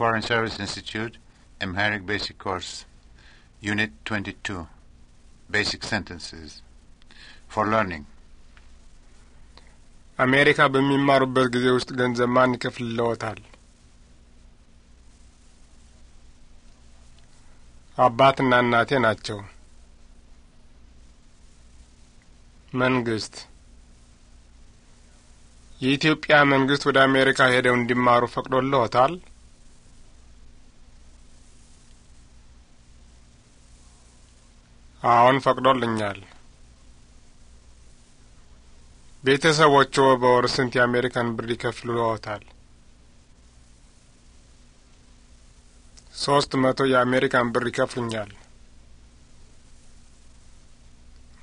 Foreign Service Institute, Amharic Basic Course, Unit 22, Basic Sentences, for Learning. አሜሪካ በሚማሩበት ጊዜ ውስጥ ገንዘብ ማን ይከፍልለዎታል? አባትና እናቴ ናቸው። መንግስት የኢትዮጵያ መንግስት ወደ አሜሪካ ሄደው እንዲማሩ ፈቅዶልዎታል? አሁን ፈቅዶልኛል። ቤተሰቦቹ በወር ስንት የአሜሪካን ብር ይከፍልዎታል? ሶስት መቶ የአሜሪካን ብር ይከፍሉኛል።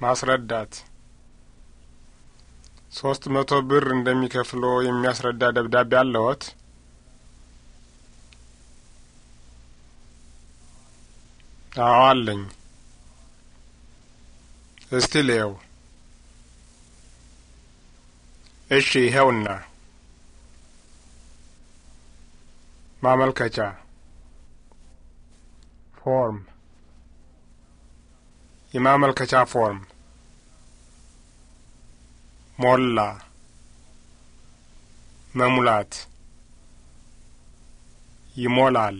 ማስረዳት ሶስት መቶ ብር እንደሚከፍሎ የሚያስረዳ ደብዳቤ አለዎት? አዎ አለኝ። እስቲ ልየው። እሺ ይኸውና ማመልከቻ ፎርም የማመልከቻ ፎርም ሞላ መሙላት ይሞላል።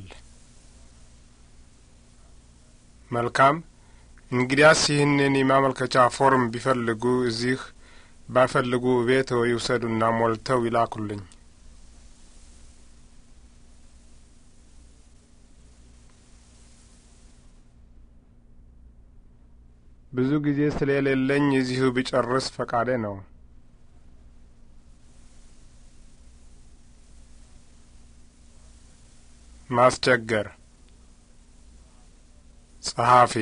መልካም እንግዲያስ ይህንን የማመልከቻ ፎርም ቢፈልጉ እዚህ ባይፈልጉ ቤት ይውሰዱና ሞልተው ይላኩልኝ። ብዙ ጊዜ ስለሌለኝ እዚሁ ቢጨርስ ፈቃዴ ነው። ማስቸገር ጸሐፊ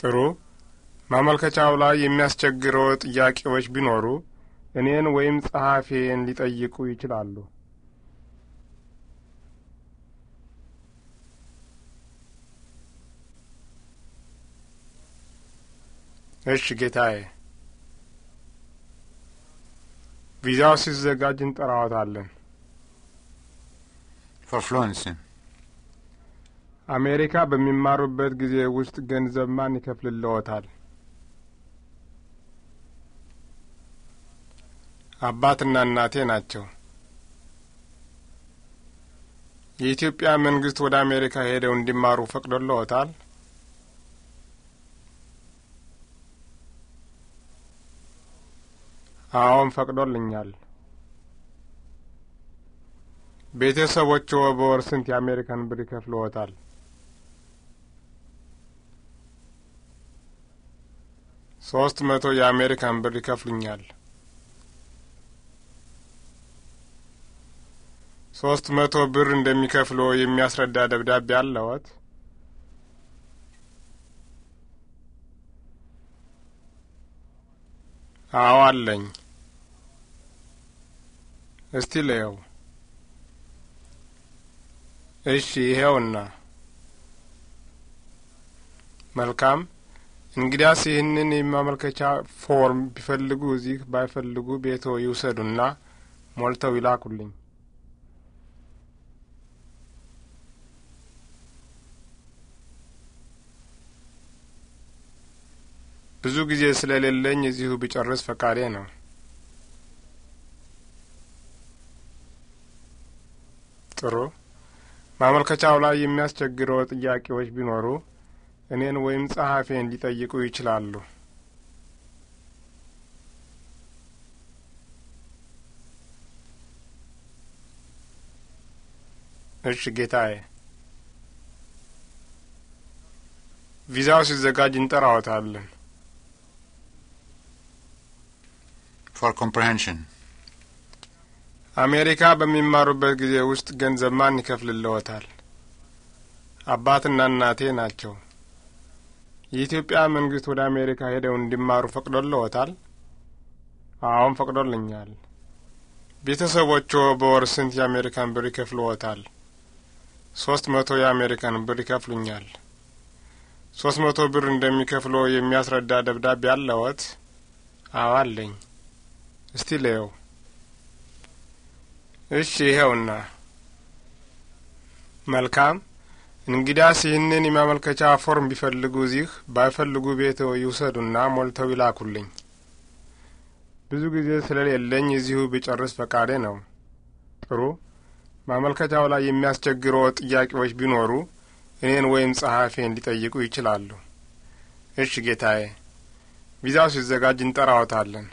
ጥሩ። ማመልከቻው ላይ የሚያስቸግረው ጥያቄዎች ቢኖሩ እኔን ወይም ጸሐፊን ሊጠይቁ ይችላሉ። እሺ ጌታዬ። ቪዛው ሲዘጋጅ እንጠራዎታለን። ፈፍሎንስን አሜሪካ በሚማሩበት ጊዜ ውስጥ ገንዘብ ማን ይከፍልልዎታል? አባትና እናቴ ናቸው። የኢትዮጵያ መንግስት ወደ አሜሪካ ሄደው እንዲማሩ ፈቅዶልዎታል? አዎን ፈቅዶልኛል። ቤተሰቦችዎ በወር ስንት የአሜሪካን ብር ይከፍልዎታል? ሶስት መቶ የአሜሪካን ብር ይከፍሉኛል። ሶስት መቶ ብር እንደሚከፍሎ የሚያስረዳ ደብዳቤ አለዎት? አዎ አለኝ። እስቲ ለየው። እሺ፣ ይሄውና መልካም እንግዲያስ ይህንን የማመልከቻ ፎርም ቢፈልጉ እዚህ ባይፈልጉ ቤቶ ይውሰዱና ሞልተው ይላኩልኝ። ብዙ ጊዜ ስለሌለኝ እዚሁ ብጨርስ ፈቃዴ ነው። ጥሩ። ማመልከቻው ላይ የሚያስቸግረው ጥያቄዎች ቢኖሩ እኔን ወይም ጸሐፌን ሊጠይቁ ይችላሉ። እሺ ጌታዬ፣ ቪዛው ሲዘጋጅ እንጠራዎታለን። ፎር ኮምፕሬንሽን አሜሪካ በሚማሩበት ጊዜ ውስጥ ገንዘብ ማን ይከፍልልዎታል? አባትና እናቴ ናቸው። የኢትዮጵያ መንግስት ወደ አሜሪካ ሄደው እንዲማሩ ፈቅዶልዎታል? አሁን ፈቅዶልኛል። ቤተሰቦቹ በወር ስንት የአሜሪካን ብር ይከፍልዎታል? ሶስት መቶ የአሜሪካን ብር ይከፍሉኛል። ሶስት መቶ ብር እንደሚከፍሎ የሚያስረዳ ደብዳቤ አለዎት? አዎ አለኝ። እስቲ ለየው። እሺ ይኸውና። መልካም እንግዳስ ይህንን የማመልከቻ ፎርም ቢፈልጉ እዚህ፣ ባይፈልጉ ቤት ይውሰዱና ሞልተው ይላኩልኝ። ብዙ ጊዜ ስለሌለኝ እዚሁ ብጨርስ ፈቃዴ ነው። ጥሩ። ማመልከቻው ላይ የሚያስቸግረው ጥያቄዎች ቢኖሩ እኔን ወይም ጸሐፊን ሊጠይቁ ይችላሉ። እሽ ጌታዬ፣ ቪዛው ሲዘጋጅ እንጠራዎታለን።